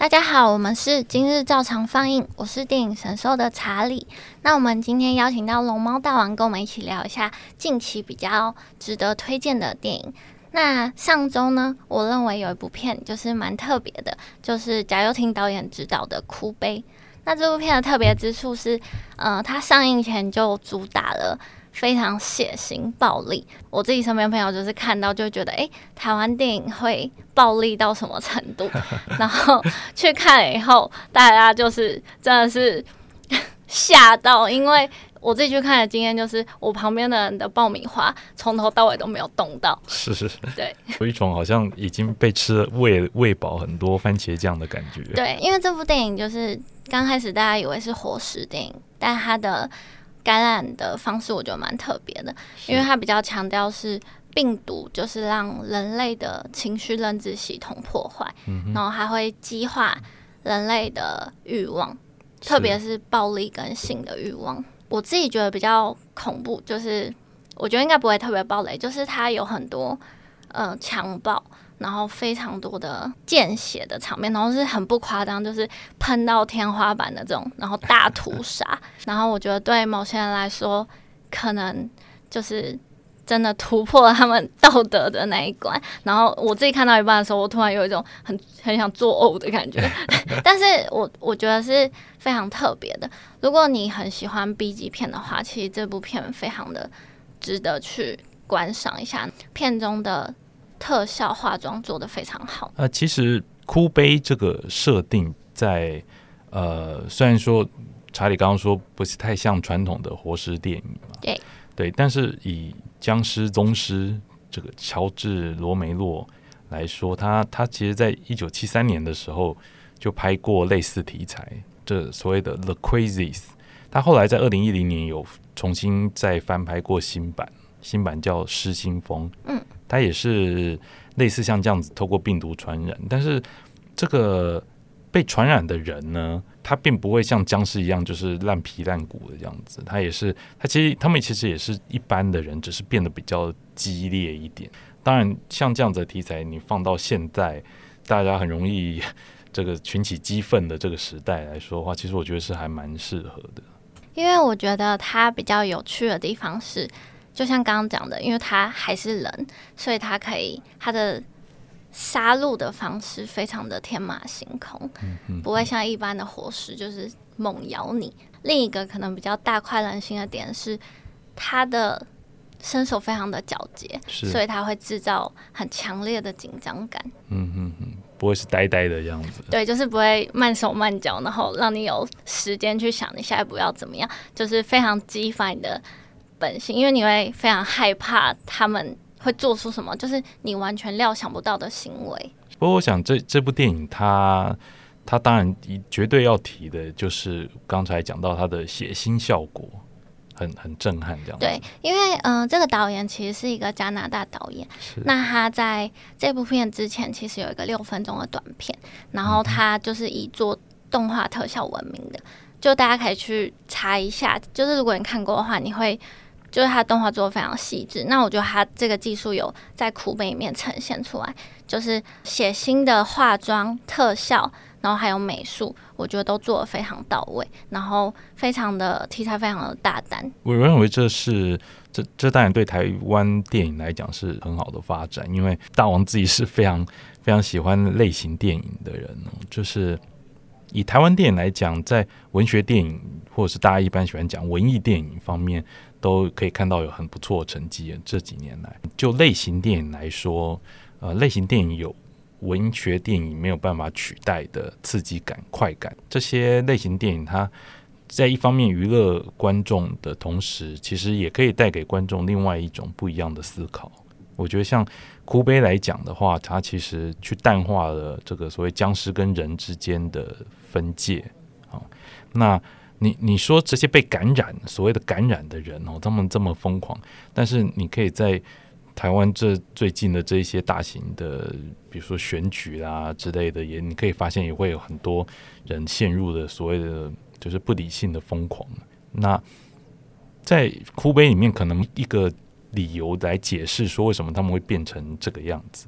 大家好，我們是今日照常放映。我是電影神搜的查理。那我們今天邀請到龍貓大王，跟我們一起聊一下近期比較值得推薦的電影。那上周呢，我認為有一部片就是蠻特別的，就是賈宥廷導演執導的《哭悲》。那這部片的特別之處是，呃，它上映前就主打了。非常血腥暴力，我自己身邊朋友就是看到就覺得，哎、欸，台灣電影會暴力到什麼程度？ 然後去看了以後，大家就是真的是嚇到，因為我自己去看的經驗就是，我旁邊的人的爆米花從頭到尾都沒有動到，是是對，有一種好像已經被吃了餵餵飽很多番茄醬的感覺。對，因為這部電影就是剛開始大家以為是活屍電影，但它的感染的方式我覺得蠻特別的，因為它比較強調是病毒就是讓人類的情緒認知系統破壞、嗯，然後還會激化人類的慾望，特別是暴力跟性的慾望。我自己覺得比較恐怖，就是我覺得應該不會特別爆雷，就是它有很多嗯強、呃、暴。然後非常多的見血的場面，然後是很不誇張，就是噴到天花板的這種，然後大屠殺。 然後我覺得對於某些人來說，可能就是真的突破了他們道德的那一關。然後我自己看到一半的時候，我突然有一種很很想作嘔的感覺。 但是我我覺得是非常特別的。如果你很喜歡 B 級片的話，其實這部片非常的值得去觀賞一下。片中的。特效化妝做得非常好。呃，其實哭悲這個設定在，在呃，雖然說查理剛剛說不是太像傳統的活屍電影，對對，但是以僵屍宗師這個喬治羅梅洛來說，他他其實在一九七三年的時候就拍過類似題材，這個、所謂的《The Crazies》，他後來在二零一零年有重新再翻拍過新版，新版叫《屍心瘋》。嗯。他也是類似像這樣子，透過病毒傳染，但是這個被傳染的人呢，他並不會像僵屍一樣，就是爛皮爛骨的樣子。他也是，他其實他們其實也是一般的人，只是變得比較激烈一點。當然，像這樣子的題材，你放到現在大家很容易這個群起激憤的這個時代來說的話，其實我覺得是還蠻適合的。因為我覺得他比較有趣的地方是，就像剛剛講的，因為他還是人，所以他可以，他的殺戮的方式非常的天馬行空，嗯、不會像一般的活屍就是猛咬你、嗯。另一個可能比較大快人心的點是，他的身手非常的矯健，所以他會制造很強烈的緊張感。嗯嗯嗯，不會是呆呆的樣子。對，就是不會慢手慢腳，然後讓你有時間去想你下一步要怎麼樣，就是非常激發你的。本性，因為你會非常害怕他們會做出什麼，就是你完全料想不到的行為。不過，我想這這部電影它，它它當然絕對要提的就是剛才講到它的血腥效果，很很震撼，這樣子對。因為嗯、呃，這個導演其實是一個加拿大導演，是那他在這部片之前其實有一個六分鐘的短片，然後他就是以做動畫特效聞名的、嗯，就大家可以去查一下，就是如果你看過的話，你會。就是他的動畫做的非常細緻，那我覺得他這個技術有在哭悲裡面呈現出來，就是血腥的化妝特效，然後還有美術，我覺得都做的非常到位，然後非常的題材非常的大膽。我認為，這是這這當然對台灣電影來講是很好的發展，因為大王自己是非常非常喜歡類型電影的人，就是以台灣電影來講，在文學電影或者是大家一般喜歡講文藝電影方面，都可以看到有很不錯的成績。這幾年來，就類型電影來說，呃，類型電影有文學電影沒有辦法取代的刺激感、快感。這些類型電影它在一方面娛樂觀眾的同時，其實也可以帶給觀眾另外一種不一樣的思考。我覺得像《哭悲》來講的話，它其實去淡化了這個所謂殭屍跟人之間的分界。好、哦，那。你你說這些被感染所謂的感染的人哦，他們這麼瘋狂，但是你可以在台灣這最近的這一些大型的，比如說選舉啊之類的，也你可以發現也會有很多人陷入的所謂的就是不理性的瘋狂。那在哭悲裡面，可能一個理由來解釋說為什麼他們會變成這個樣子，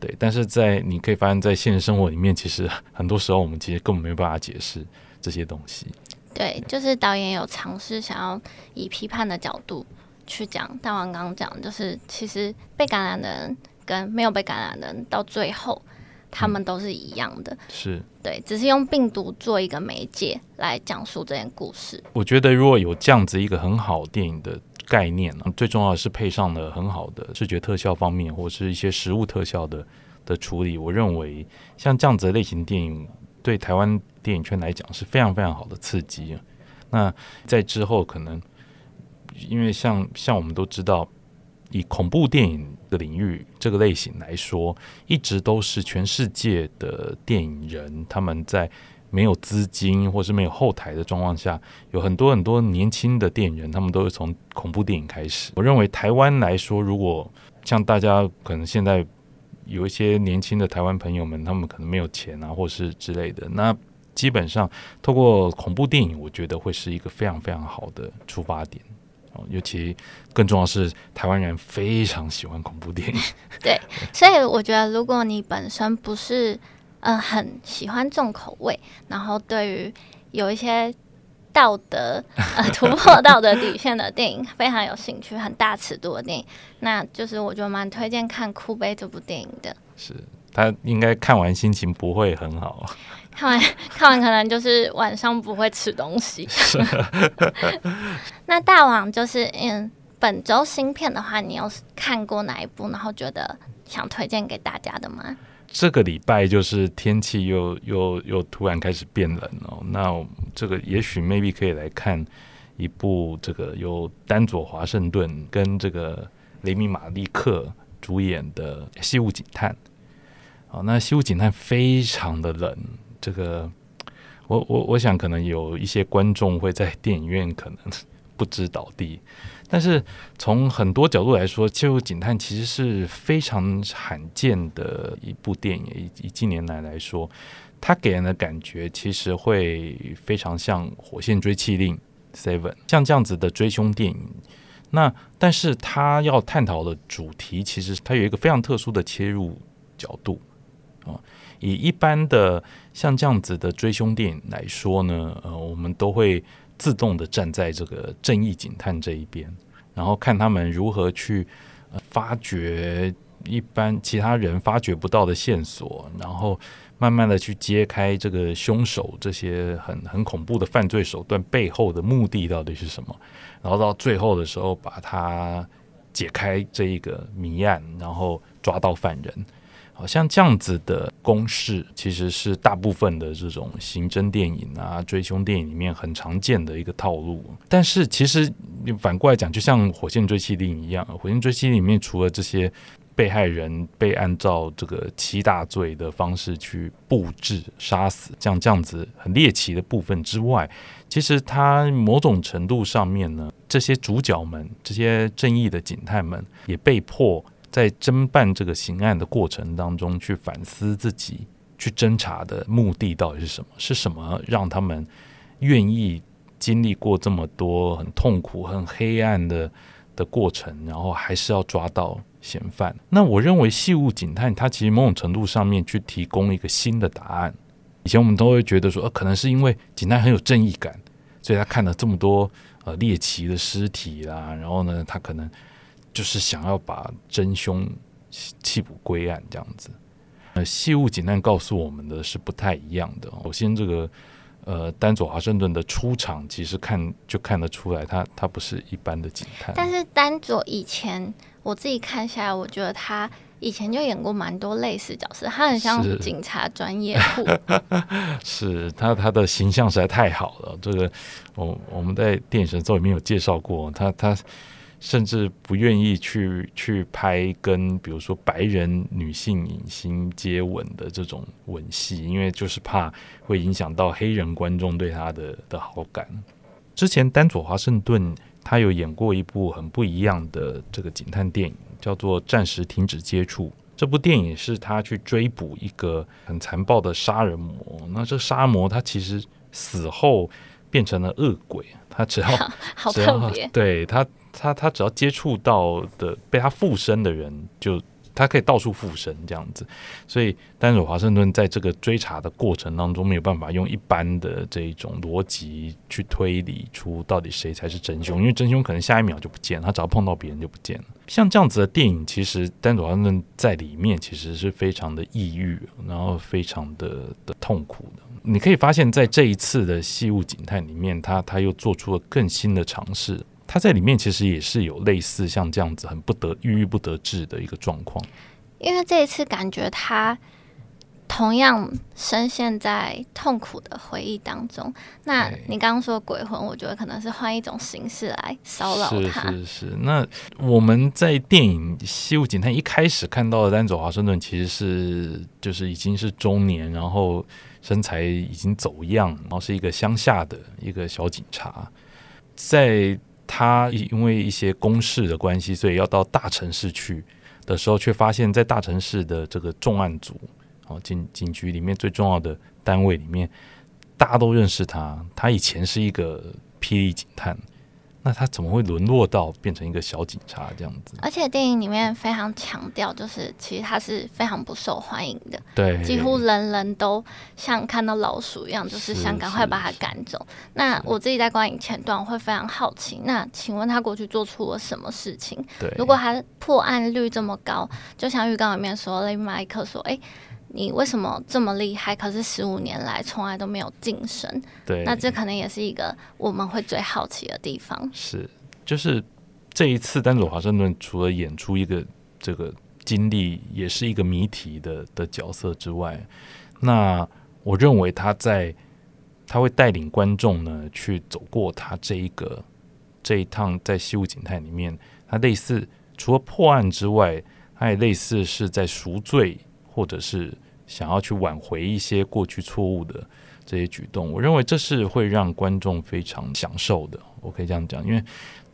對。但是在你可以發現在現實生活裡面，其實很多時候我們其實根本沒有辦法解釋這些東西。對，就是導演有嘗試想要以批判的角度去講。大王剛講，就是其實被感染的人跟沒有被感染的人，到最後他們都是一樣的。嗯。是，對，只是用病毒做一個媒介來講述這件故事。我覺得如果有這樣子一個很好電影的概念，最重要的是配上了很好的視覺特效方面，或是一些實物特效的的處理。我認為像這樣子的類型電影，對台灣電影圈來講是非常非常好的刺激。那在之後可能，因為像像我們都知道，以恐怖電影的領域這個類型來說，一直都是全世界的電影人，他們在沒有資金或是沒有後台的狀況下，有很多很多年輕的電影人，他們都是從恐怖電影開始。我認為台灣來說，如果像大家可能現在。有一些年輕的台灣朋友們，他們可能沒有錢啊，或是之類的。那基本上，透過恐怖電影，我覺得會是一個非常非常好的出發點。哦，尤其更重要的是，台灣人非常喜歡恐怖電影。對，所以我覺得，如果你本身不是嗯、呃、很喜歡重口味，然後對於有一些。道德呃，突破道德底線的電影 非常有興趣，很大尺度的電影，那就是我就蠻推薦看《哭悲》這部電影的。是他應該看完心情不會很好，看完看完可能就是晚上不會吃東西。 是的 那大王就是嗯，本周新片的話，你有看過哪一部，然後覺得想推薦給大家的嗎？這個禮拜就是天氣又又又突然開始變冷哦，那這個也許 maybe 可以來看一部這個由丹佐華盛頓跟這個雷米馬利克主演的《細物警探》。好，那《細物警探》非常的冷，這個我我我想可能有一些觀眾會在電影院可能不知道地。但是從很多角度來說，《細物警探》其實是非常罕見的一部電影，以近年來來說，它給人的感覺其實會非常像《火線追緝令》（Seven） 像這樣子的追凶電影。那但是它要探討的主題，其實它有一個非常特殊的切入角度啊、哦。以一般的像這樣子的追凶電影來說呢，呃，我們都會。自動的站在這個正義警探這一邊，然後看他們如何去發掘一般其他人發掘不到的線索，然後慢慢的去揭開這個兇手這些很很恐怖的犯罪手段背後的目的到底是什麼，然後到最後的時候把它解開這一個謎案，然後抓到犯人。好像這樣子的公式，其實是大部分的這種刑偵電影啊、追凶電影裡面很常見的一個套路。但是其實反過來講，就像《火線追緝令》一樣，《火線追緝令》裡面除了這些被害人被按照這個七大罪的方式去布置殺死，像這樣子很獵奇的部分之外，其實它某種程度上面呢，這些主角們、這些正義的警探們也被迫。在偵辦這個刑案的過程當中，去反思自己去偵查的目的到底是什麼？是什麼讓他們願意經歷過這麼多很痛苦、很黑暗的的過程，然後還是要抓到嫌犯？那我認為，《細物警探》它其實某種程度上面去提供一個新的答案。以前我們都會覺得說，呃，可能是因為警探很有正義感，所以他看了這麼多呃獵奇的屍體啦，然後呢，他可能。就是想要把真凶緝捕歸案這樣子，呃，細物警探告訴我們的是不太一樣的。首先，這個呃，丹佐華盛頓的出場其實看就看得出來他，他他不是一般的警探。但是丹佐以前我自己看下來，我覺得他以前就演過蠻多類似角色，他很像是警察專業戶。是, 是他他的形象實在太好了，這個我我們在電影神搜裡面有介紹過他他。他甚至不願意去去拍跟比如說白人女性影星接吻的這種吻戲，因為就是怕會影響到黑人觀眾對他的的好感。之前丹佐華盛頓他有演過一部很不一樣的這個警探電影，叫做《暫時停止接觸》。這部電影是他去追捕一個很殘暴的殺人魔。那這殺魔他其實死後變成了惡鬼，他只要好特別，只要，對他他他只要接觸到的被他附身的人，就他可以到處附身這樣子。所以，丹佐華盛頓在這個追查的過程當中，沒有辦法用一般的這一種邏輯去推理出到底誰才是真兇，因為真兇可能下一秒就不見，他只要碰到別人就不見了。像這樣子的電影，其實丹佐華盛頓在裡面其實是非常的抑鬱，然後非常的的痛苦的。你可以發現，在這一次的《細物警探》裡面，他他又做出了更新的嘗試。他在裡面其實也是有類似像這樣子很不得鬱鬱不得志的一個狀況，因為這一次感覺他同樣深陷在痛苦的回憶當中。嗯、那你剛剛說的鬼魂，我覺得可能是換一種形式來騷擾他。是是是。那我們在電影《細物警探》一開始看到的丹佐華盛頓，其實是就是已經是中年，然後身材已經走樣，然後是一個鄉下的一個小警察，在。他因為一些公事的關係，所以要到大城市去的時候，却發現，在大城市的這個重案組，哦，警警局裡面最重要的單位裡面，大家都認識他。他以前是一個霹靂警探。那他怎麼會淪落到變成一個小警察這樣子？而且電影裡面非常強調，就是其實他是非常不受歡迎的，對，幾乎人人都像看到老鼠一樣，就是想趕快把他趕走。那我自己在觀影前段會非常好奇，那請問他過去做出了什麼事情？對，如果他破案率這麼高，就像預告裡面說，雷麥克說，誒……你為什麼這麼厲害？可是十五年來從來都沒有晉升。對，那這可能也是一個我們會最好奇的地方。是，就是這一次丹佐華盛頓除了演出一個這個經歷也是一個謎題的的角色之外，那我認為他在他會帶領觀眾呢去走過他這一個這一趟在細物警探裡面，他類似除了破案之外，他也類似是在贖罪或者是。想要去挽回一些過去錯誤的這些舉動，我認為這是會讓觀眾非常享受的。我可以這樣講，因為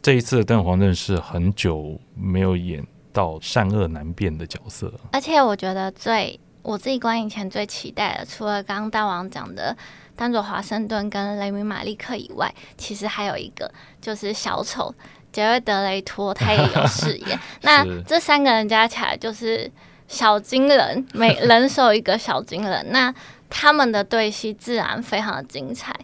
這一次的丹佐真的是很久沒有演到善惡難辨的角色。而且我覺得最我自己觀影前最期待的，除了剛剛大王講的丹佐華盛頓跟雷米馬利克以外，其實還有一個就是小丑傑瑞德雷托，他也有飾演。 那這三個人加起來就是。小金人，每人手一個小金人， 那他們的對戲自然非常的精彩。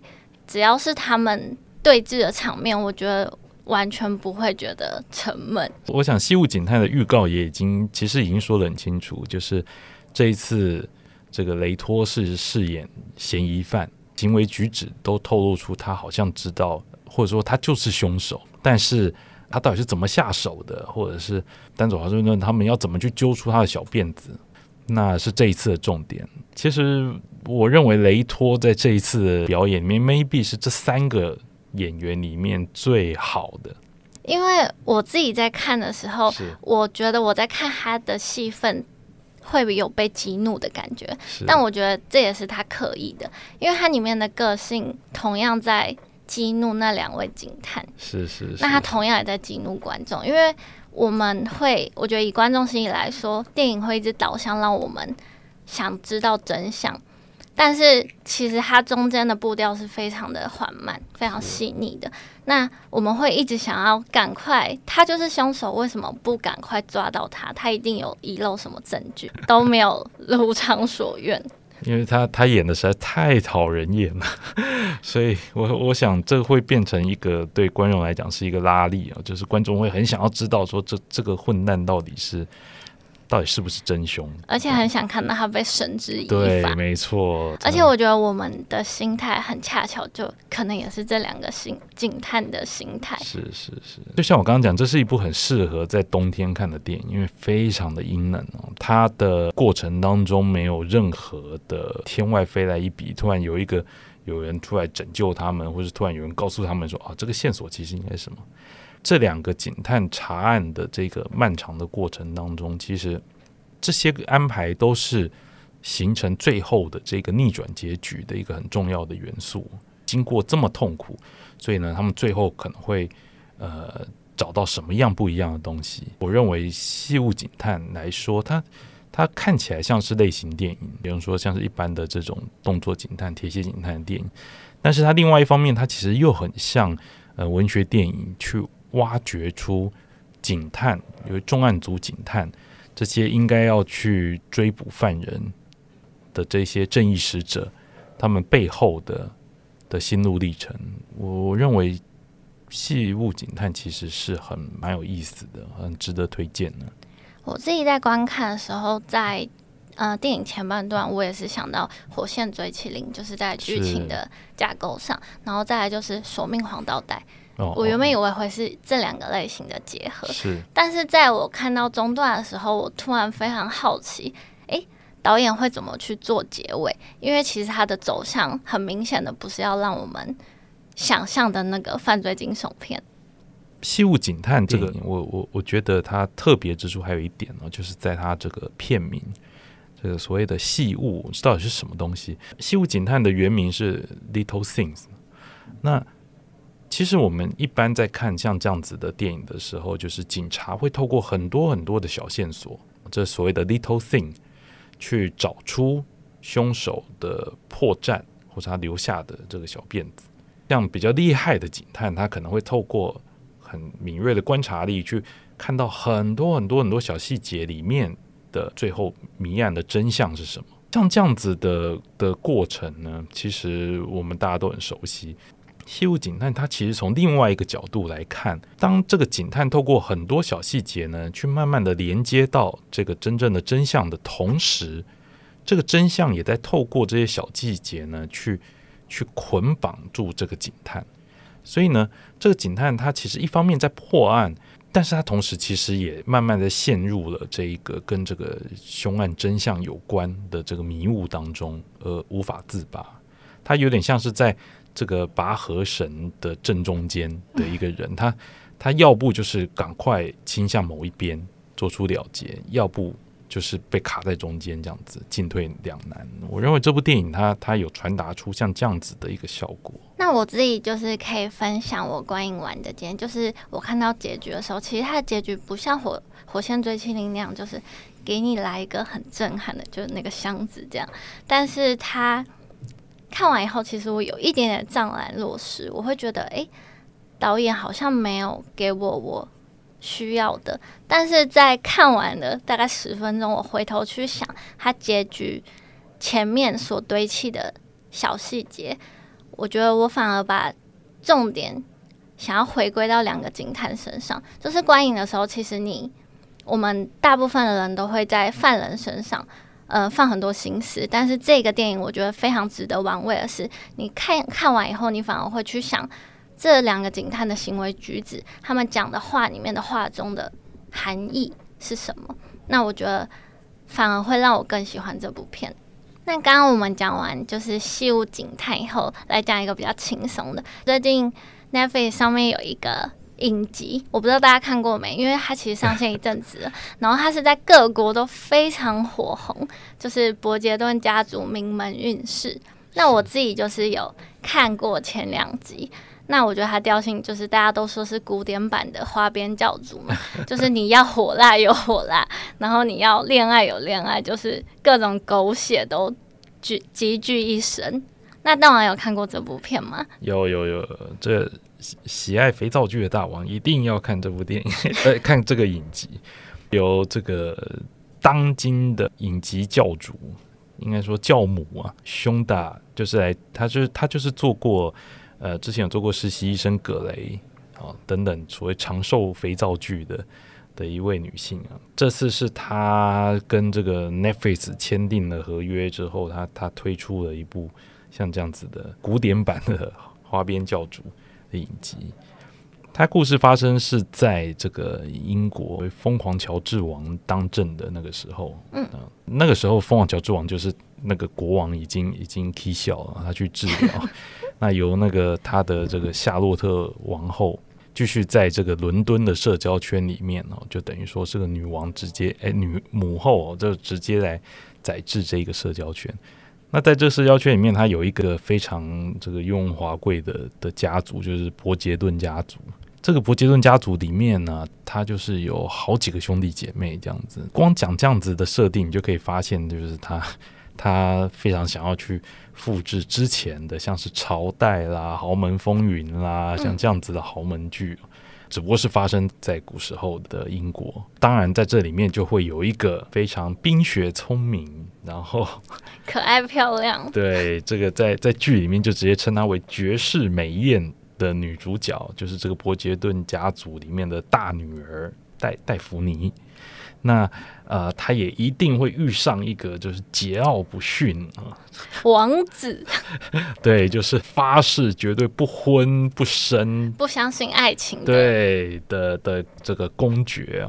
只要是他們對峙的場面，我覺得完全不會覺得沉悶。我想《西武警探細物警探》的預告也已經，其實已經說的很清楚，就是這一次這個雷托是飾演嫌疑犯，行為舉止都透露出他好像知道，或者說他就是兇手，但是。他到底是怎麼下手的，或者是丹佐華盛頓他們要怎麼去揪出他的小辮子，那是這一次的重點。其實我認為雷托在這一次的表演裡面，maybe 是這三個演員裡面最好的。因為我自己在看的時候，我覺得我在看他的戲份會有被激怒的感覺，但我覺得這也是他刻意的，因為他裡面的個性同樣在。激怒那兩位警探，是是是。那他同樣也在激怒觀眾，因為我們會，我覺得以觀眾心理來說，電影會一直導向讓我們想知道真相。但是其實它中間的步調是非常的緩慢、非常細膩的。嗯、那我們會一直想要趕快，他就是凶手，為什麼不趕快抓到他？他一定有遺漏什麼證據，都沒有如償所願。 因為他他演的實在太討人厭了，所以我我想這會變成一個對觀眾來講是一個拉力啊，就是觀眾會很想要知道說，這這個混蛋到底是。到底是不是真凶？而且很想看到他被繩之以法。對，沒錯。而且我覺得我們的心態很恰巧，就可能也是這兩個心警探的心態。是是是，就像我剛剛講，這是一部很適合在冬天看的電影，因為非常的陰冷哦。它的過程當中沒有任何的天外飛來一筆，突然有一個有人出來拯救他們，或者突然有人告訴他們說啊，這個線索其實應該是什麼。這兩個警探查案的這個漫長的過程當中，其實這些個安排都是形成最後的這個逆轉結局的一個很重要的元素。經過這麼痛苦，所以呢，他們最後可能會呃找到什麼樣不一樣的東西？我認為，細物警探來說，它，它看起來像是類型電影，比如說像是一般的這種動作警探、鐵血警探的電影，但是它另外一方面，它其實又很像呃文學電影。去挖掘出警探、有重案組警探這些應該要去追捕犯人的這些正義使者，他們背後的的心路歷程，我，我認為《細物警探》其實是很蠻有意思的，很值得推薦的，啊。我自己在觀看的時候，在呃電影前半段，我也是想到《火線追緝令》，就是在劇情的架構上，然後再來就是《索命黃道帶》。Oh, 我原本以為會是這兩個類型的結合，是。但是在我看到中段的時候，我突然非常好奇，哎、欸，導演會怎麼去做結尾？因為其實它的走向很明顯的不是要讓我們想象的那個犯罪驚悚片。細物警探這個，我我我覺得它特別之處還有一點呢，就是在它這個片名，這個所謂的細物到底是什麼東西？細物警探的原名是《Little Things》，那。其實我們一般在看像這樣子的電影的時候，就是警察會透過很多很多的小線索，這所謂的 little thing，去找出兇手的破綻，或者他留下的這個小辮子。像比較厲害的警探，他可能會透過很敏銳的觀察力，去看到很多很多很多小細節裡面的最後謎案的真相是什麼。像這樣子的的過程呢，其實我們大家都很熟悉。細物警探，他其實從另外一個角度來看，當這個警探透過很多小細節呢，去慢慢的連接到這個真正的真相的同時，這個真相也在透過這些小細節呢，去去捆綁住這個警探。所以呢，這個警探他其實一方面在破案，但是他同時其實也慢慢的陷入了這一個跟這個兇案真相有關的這個迷霧當中，而、呃、無法自拔。他有點像是在。這個拔河繩的正中間的一個人，他他要不就是趕快傾向某一邊做出了結，要不就是被卡在中間這樣子進退兩難。我認為這部電影它它有傳達出像這樣子的一個效果。那我自己就是可以分享我觀影完的今天，就是我看到結局的時候，其實它的結局不像火《火火線追緝令》那樣，就是給你來一個很震撼的，就是那個箱子這樣，但是它。看完以後，其實我有一點點悵然若失，我會覺得，誒，導演好像沒有給我我需要的。但是在看完了大概十分鐘，我回頭去想他結局前面所堆砌的小細節，我覺得我反而把重點想要回歸到兩個警探身上。就是觀影的時候，其實你我們大部分的人都會在犯人身上。呃，放很多心思，但是這個電影我覺得非常值得玩味的是，你看看完以後，你反而會去想這兩個警探的行為舉止，他們講的話裡面的話中的含義是什麼？那我覺得反而會讓我更喜歡這部片。那剛剛我們講完就是細物警探，以後來講一個比較輕鬆的，最近 Netflix 上面有一個。影集我不知道大家看過沒，因為它其實上線一陣子， 然後它是在各國都非常火紅，就是柏捷頓家族名門韻事。那我自己就是有看過前兩集，那我覺得它調性就是大家都說是古典版的《花邊教主》嘛， 就是你要火辣有火辣，然後你要戀愛有戀愛，就是各種狗血都聚集聚一身。那大王有看過這部片嗎？有有有這。喜愛肥皂劇的大王一定要看這部電影，呃，看這個影集，由這個當今的影集教主，應該說教母啊，胸大就是來，她就是她就是做過，呃，之前有做過實習醫生葛雷啊、哦、等等所謂長壽肥皂劇的的一位女性啊，這次是她跟這個 Netflix 簽訂了合約之後，她她推出了一部像這樣子的古典版的花邊教主。影集，它故事發生是在這個英國瘋狂喬治王當政的那個時候，嗯，那個時候瘋狂喬治王就是那個國王已經已經起痟了，他去治療， 那由那個他的這個夏洛特王后繼續在這個倫敦的社交圈裡面哦，就等於說是個女王直接哎女、欸、母後就直接來宰制這個社交圈。那在這社交圈裡面，他有一個非常這個雍容華貴的的家族，就是柏捷頓家族。這個柏捷頓家族裡面呢，他就是有好幾個兄弟姐妹這樣子。光講這樣子的設定，你就可以發現，就是他他非常想要去複製之前的，像是朝代啦、豪門風雲啦，像這樣子的豪門劇。嗯只不過是發生在古時候的英國，當然在這裡面就會有一個非常冰雪聰明，然後可愛漂亮。 對，這個在在劇裡面就直接稱她為絕世美豔的女主角，就是這個柏捷頓家族裡面的大女兒戴戴芙妮。那，呃，他也一定會遇上一個就是桀驁不馴啊，王子， 對，就是發誓絕對不婚不生，不相信愛情，對的的這個公爵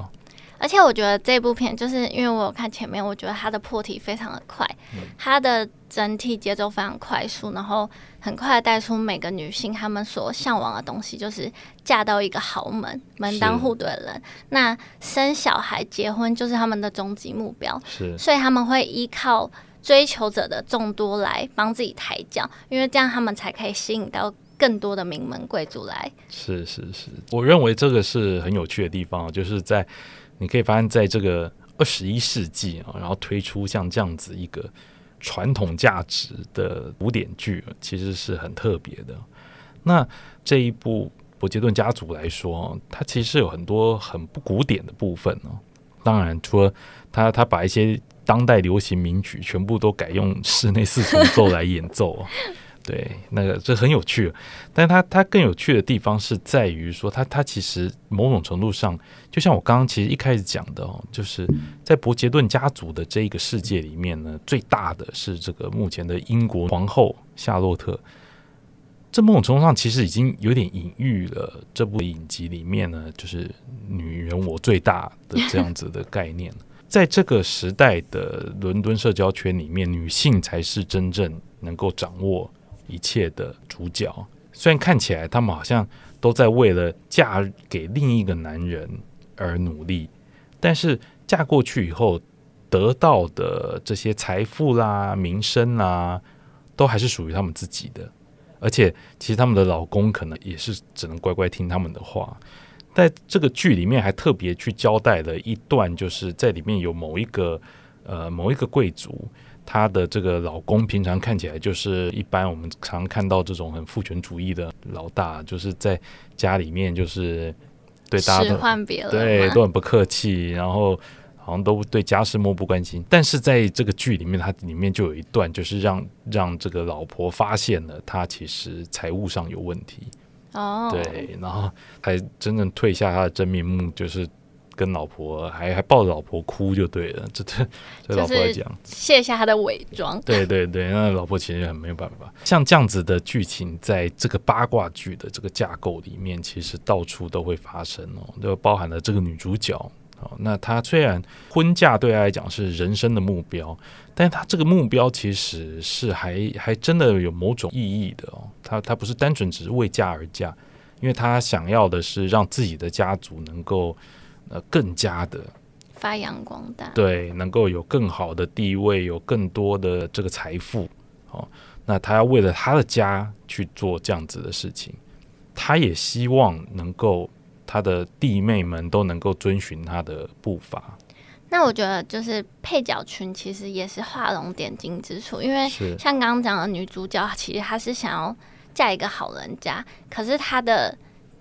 而且我覺得這部片就是因為我有看前面，我覺得它的破題非常的快，它、嗯、的整體節奏非常快速，然後很快帶出每個女性她們所嚮往的東西，就是嫁到一個豪門門當戶對的人，那生小孩結婚就是他們的終極目標，是，所以他們會依靠追求者的眾多來幫自己抬轎，因為這樣他們才可以吸引到更多的名門貴族來。是是是，我認為這個是很有趣的地方，就是在。你可以發現，在這個二十一世紀啊，然後推出像這樣子一個傳統價值的古典劇，啊，其實是很特別的。那這一部《柏捷頓家族》來說，啊，它其實有很多很不古典的部分哦，啊。當然，除了他，他把一些當代流行名曲全部都改用室內四重奏來演奏，啊。 對，那個這很有趣，但是它它更有趣的地方是在於說他，它它其實某種程度上，就像我剛剛其實一開始講的哦，就是在柏捷頓家族的這個世界裡面呢，最大的是這個目前的英國皇后夏洛特。這某種程度上其實已經有點隱喻了這部影集裡面呢，就是女人我最大的這樣子的概念，在這個時代的倫敦社交圈裡面，女性才是真正能夠掌握。一切的主角，雖然看起來他們好像都在為了嫁給另一個男人而努力，但是嫁過去以後得到的這些財富啦、名聲啦，都還是屬於他們自己的。而且，其實他們的老公可能也是只能乖乖聽他們的話。在這個劇裡面，還特別去交代了一段，就是在裡面有某一個呃，某一個貴族。她的這個老公平常看起來就是一般，我們常看到這種很父權主義的老大，就是在家裡面就是對大家都對都很不客氣，然後好像都對家事漠不關心。但是在這個劇裡面，它裡面就有一段，就是讓讓這個老婆發現了她其實財務上有問題哦，對，然後才真正褪下她的真面目，就是。跟老婆還還抱着老婆哭就對了，這對對老婆來講，就是，卸下他的偽裝。對對對，那老婆其實很沒有辦法。 像這樣子的劇情，在這個八卦劇的這個架構裡面，其實到處都會發生哦，就包含了這個女主角，哦，那她雖然婚嫁對她來講是人生的目標，但她這個目標其實是還還真的有某種意義的哦。她她不是單純只是為嫁而嫁，因為她想要的是讓自己的家族能夠。呃，更加的發揚光大，對，能夠有更好的地位，有更多的這個財富，哦，那他要為了他的家去做這樣子的事情，他也希望能夠他的弟妹們都能夠遵循他的步伐。那我覺得就是配角群其實也是畫龍點睛之處，因為像剛剛講的女主角，其實她是想要嫁一個好人家，可是她的。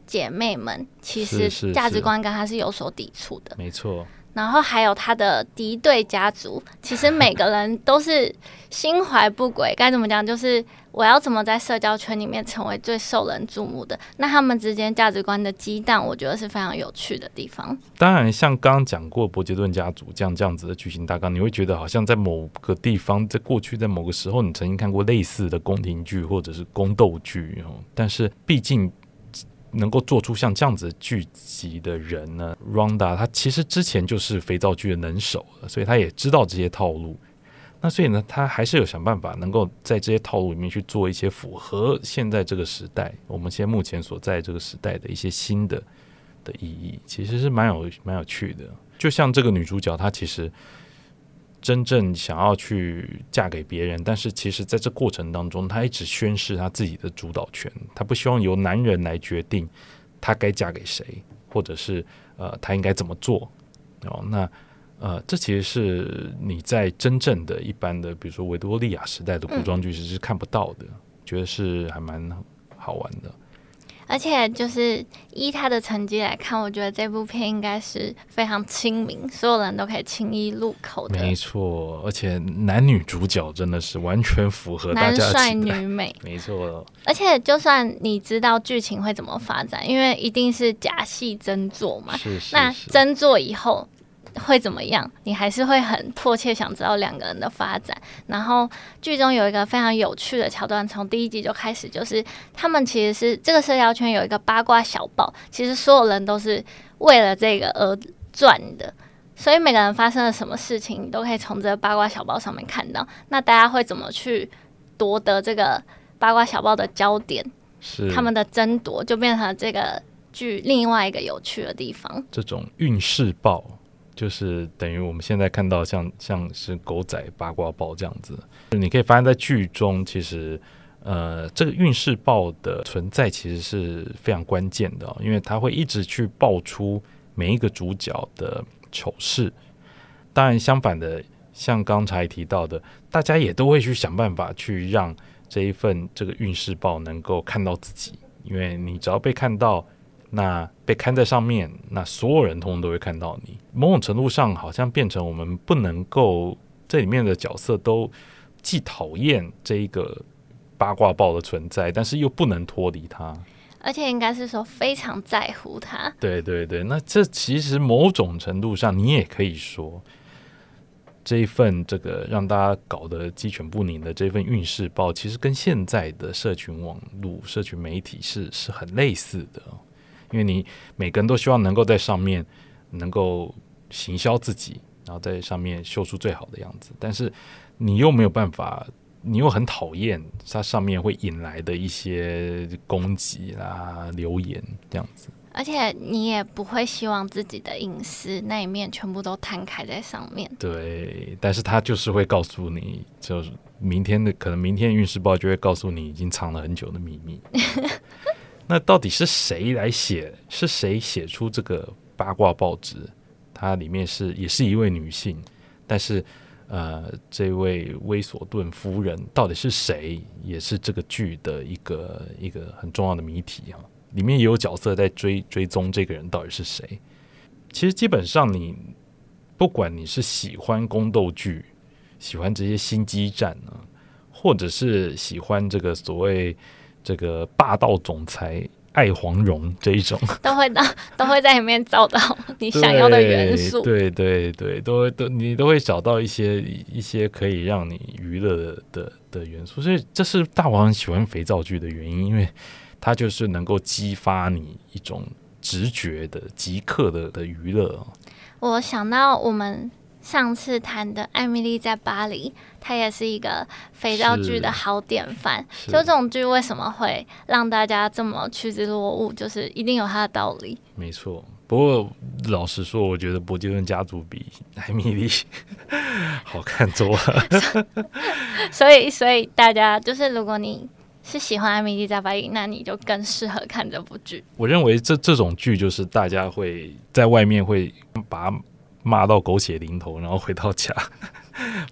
姐妹們其實價值觀跟他是有所抵觸的，是是是，沒錯。然後還有他的敵對家族，其實每個人都是心懷不軌。 該怎麼講？就是我要怎麼在社交圈裡面成為最受人注目的？那他們之間價值觀的激盪，我覺得是非常有趣的地方。當然，像剛剛講過柏捷頓家族這樣這樣子的劇情大綱，你會覺得好像在某個地方、在過去、在某個時候你曾經看過類似的宮廷劇或者是宮鬥劇哦。但是畢竟。能夠做出像這樣子劇集的人呢，Ronda，他其實之前就是肥皂劇的能手，所以他也知道這些套路。那所以呢，他還是有想辦法能夠在這些套路裡面去做一些符合現在這個時代，我們現在目前所在這個時代的一些新的的意義，其實是蠻有蠻有趣的。就像這個女主角，她其實。真正想要去嫁給別人，但是其實在這過程當中，她一直宣示她自己的主導權，她不希望由男人來決定她該嫁給誰，或者是呃她應該怎麼做。哦，那呃這其實是你在真正的一般的，比如說維多利亞時代的古裝劇是是看不到的、嗯，覺得是還蠻好玩的。而且就是依他的成績來看，我覺得這部片應該是非常親民，所有人都可以輕易入口的。沒錯，而且男女主角真的是完全符合大家的男帥女美，沒錯哦。而且就算你知道劇情會怎麼發展，因為一定是假戲真做嘛，是是是，那真做以後。會怎麼樣？你還是會很迫切想知道兩個人的發展。然後劇中有一個非常有趣的橋段，從第一集就開始，就是他們其實是這個社交圈有一個八卦小報，其實所有人都是為了這個而轉的，所以每個人發生了什麼事情，你都可以從這個八卦小報上面看到。那大家會怎麼去奪得這個八卦小報的焦點？是他們的爭奪就變成了這個劇另外一個有趣的地方。這種運勢報。就是等於我們現在看到像像是狗仔八卦報這樣子，你可以發現，在劇中其實，呃，這個運勢報的存在其實是非常關鍵的哦，因為它會一直去爆出每一個主角的醜事。當然，相反的，像剛才提到的，大家也都會去想辦法去讓這一份這個運勢報能夠看到自己，因為你只要被看到。那被看在上面，那所有人通通都會看到你。某種程度上，好像變成我們不能夠這裡面的角色都既討厭這一個八卦報的存在，但是又不能脫離它，而且應該是說非常在乎它。對對對，那這其實某種程度上你也可以說，這一份這個讓大家搞得雞犬不寧的這份韻事報，其實跟現在的社群網路、社群媒體是是很類似的。因為你每個人都希望能夠在上面能夠行銷自己，然後在上面秀出最好的樣子，但是你又沒有辦法，你又很討厭它上面會引來的一些攻擊啦、留言這樣子，而且你也不會希望自己的隱私那一面全部都攤開在上面。對，但是他就是會告訴你，就是明天的可能，明天運勢報就會告訴你已經藏了很久的秘密。 那到底是誰來寫？是誰寫出這個八卦報紙？它裡面是也是一位女性，但是，呃，這位威索頓夫人到底是誰，也是這個劇的一個一個很重要的謎題啊！裡面也有角色在追追蹤這個人到底是誰。其實，基本上你不管你是喜歡宮鬥劇，喜歡這些心機戰呢、啊，或者是喜歡這個所謂。這個霸道總裁愛黃蓉這一種，都會到，都會在裡面找到你想要的元素 對，對對對，對，都會都你都會找到一些一些可以讓你娛樂的的，的元素，所以這是大王喜歡肥皂劇的原因，因為它就是能夠激發你一種直覺的即刻的的娛樂。我想到我們。上次談的《艾蜜莉在巴黎》，她也是一個肥皂劇的好典範。就這種劇為什麼會讓大家這麼趨之若鶩，就是一定有它的道理。沒錯，不過老實說，我覺得《柏捷頓家族》比《艾蜜莉》好看多了。 所以，所以大家就是，如果你是喜歡《艾蜜莉在巴黎》，那你就更適合看這部劇。我認為這這種劇就是大家會在外面會把。罵到狗血淋頭，然後回到家，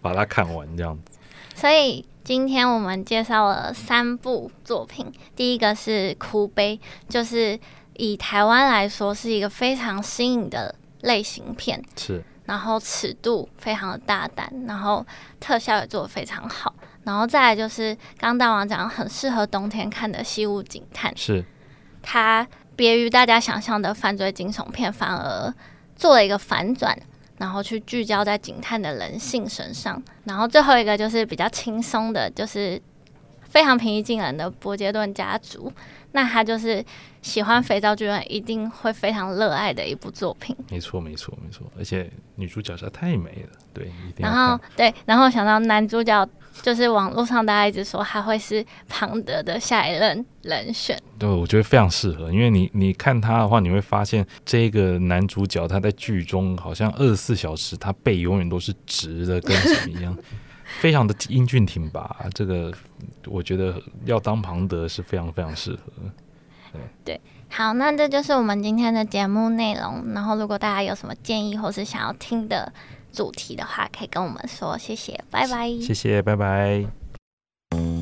把它看完這樣子。所以今天我們介紹了三部作品，第一個是《哭悲》，就是以台灣來說是一個非常新穎的類型片，是。然後尺度非常的大膽，然後特效也做得非常好。然後再來就是剛大王講，很適合冬天看的《西屋警探》細物警探，是。它別於大家想象的犯罪驚悚片，反而。做了一個反轉，然後去聚焦在警探的人性身上，然後最後一個就是比較輕鬆的，就是非常平易近人的柏捷頓家族。那他就是喜歡肥皂劇人一定會非常熱愛的一部作品。沒錯，沒錯，沒錯。而且女主角是太美了，對，一定要。然後對，然後想到男主角。就是網絡上大家一直說他會是龐德的下一任人選，對，我覺得非常適合，因為你你看他的話，你會發現這個男主角他在劇中好像二十四小時，他背永遠都是直的，跟什麼一樣， 非常的英俊挺拔啊。這個我覺得要當龐德是非常非常適合，對。對，好，那這就是我們今天的節目內容。然後，如果大家有什麼建議或是想要聽的，主題的話，可以跟我們說，謝謝，拜拜，謝謝，拜拜。